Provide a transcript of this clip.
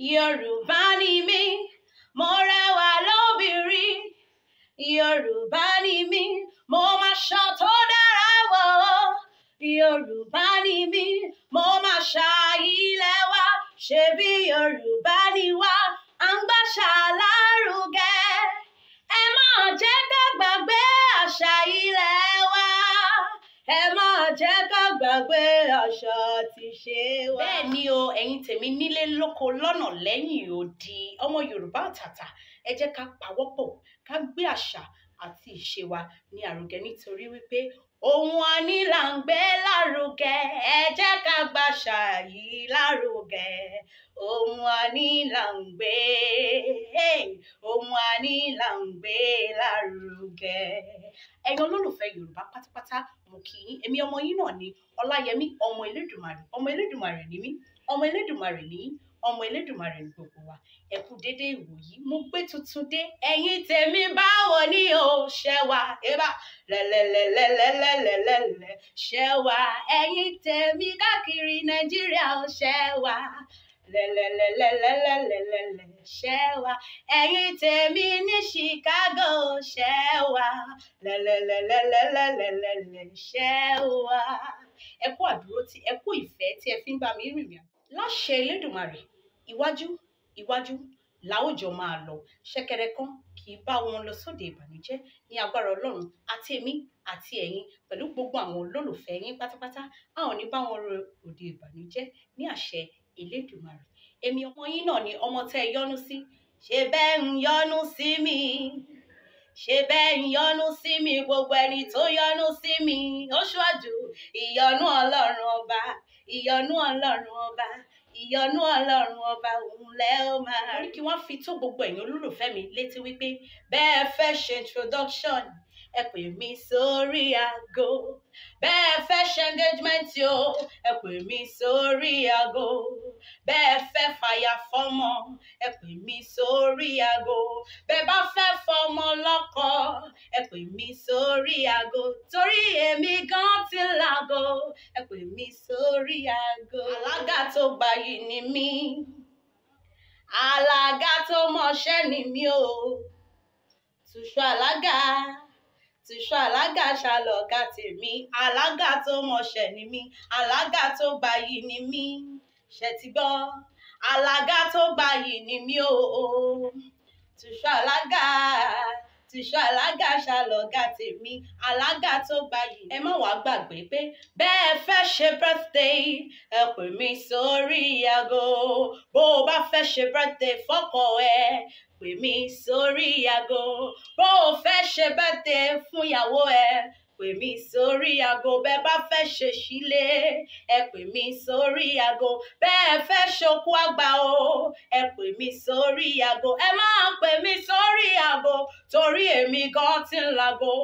Yorùbá ni mí mo rẹwà lóbìnrin Yorùbá ni mí mo ma ṣọ tó dára wọ̀ Yorùbá ni mí mo ma ṣà ilẹ̀ wa ṣebí Yorùbá ni wá à ń gbàṣà lárugẹ ẹ máa jẹ́ ká gbàgbé àṣà ilẹ̀ wa ẹ máa jẹ́ ká gbàgbé àṣà àti ṣe wa. bẹ́ẹ̀ ni o ẹ̀yin tèmi nílé lóko lọ́nà lẹ́yìn odi ọmọ yorùbá àtàtà ẹ jẹ́ ká pawọ́pọ̀ ká gbé àṣà àti ìṣe wa ní àrùgẹ nítorí wípé ohun àní là ń gbé lárugẹ ẹ jẹ́ ká gbàṣà yìí lárugẹ ohun àní là ń gbé ohun àní là ń gbé lárugẹ. ẹ̀yin olólùfẹ́ yorùbá pátápátá mo kì í èmi ọmọ yín náà ni ọláyẹmí ọmọ elédùmarè ọmọ elédùmarè ni mí ọmọ elédùmarè ni yín ọmọ elédùmarè ní gbogbo wa ẹ déédéé ìwòyí mo gbé tuntun dé ẹ̀yin tèmi báwo ni o ṣẹ wa eba lẹlẹlẹlẹlẹlẹlẹ ṣẹ wa ẹ̀yin tèmi káàkiri nàìjíríà o lẹ́lẹ́lẹ́lẹ́lẹ́lẹ́lẹ́ ṣẹ́wà ẹ̀yin tèmi ní Chicago ṣẹ́wà lẹ́lẹ́lẹ́lẹ́lẹ́lẹ́lẹ́ ṣẹ́wà. ẹ kú àdúró tí ẹ kú ìfẹ́ tí ẹ fi ń bá mi rìnrìn àjò. láṣẹ Elédùmarè iwájú iwájú láwùjọ máa lọ ṣẹ̀kẹ̀rẹ̀ kan kì í bá wọn lọ sóde ìbànújẹ́ ní agbára Ọlọ́run àti èmi àti ẹ̀yin pẹ̀lú gbogbo àwọn olólùfẹ́ yín pátápátá a ní bá wọn ro òde ìbànújẹ́ ní àṣẹ Elédùmarè èmi ọmọ yín náà ni ọmọ tẹ́ ẹ yọ́nú sí ṣe bẹ́ẹ̀ ń yọ́nú sí mi ṣe bẹ́ẹ̀ ń yọ́nú sí mi gbogbo ẹni tó yọ́nú sí mi ó ṣáájú ìyọ́nú Ọlọ́run ọba ìyọ́nú Ọlọ́run ọba ìyọ́nú ọlọ́run ọba òun lẹ ó máa rí. wọ́n ní kí wọ́n fi tó gbogbo ẹ̀yin olólùfẹ́ mi létí wípé bẹ́ẹ̀ fẹ́ ṣe introduction ẹ pè mí sórí aago bẹ́ẹ̀ fẹ́ ṣe engagement o ẹ pè mí sórí aago bẹ́ẹ̀ fẹ́ fàyà fọ́mọ ẹ pè mí sórí aago bẹ́ẹ̀ bá ẹ pè mí sórí aago torí èmi gan ti láago ẹ pè mí sórí aago. alága tó gbayì ni mí alága tó mọṣẹ́ ni mí o tùṣọ alága tìṣọ alága ṣàlọ́ọ̀gá tèmi alága tó mọṣẹ́ ni mí alága tó gbayì ni mí ṣe ti gbọ́ alága tó gbayì ni mí o tìṣọ alága àtìṣà alága ṣàlọ́gà tèmi alága tó gbayì. ẹ má wàá gbàgbé pé bẹ́ẹ̀ fẹ́ ṣe birthday ẹ pè mí sórí aago bó o bá fẹ́ ṣe birthday fọ́kọ ẹ pè mí sórí aago bó o fẹ́ ṣe birthday fún ìyàwó ẹ pè mí sórí aago bẹ́ẹ̀ bá fẹ́ ṣe sílé ẹ pè mí sórí aago bẹ́ẹ̀ fẹ́ ṣokú àgbà o ẹ pè mí sórí aago ẹ máa pè mí sórí aago torí èmi gan ti ń lago.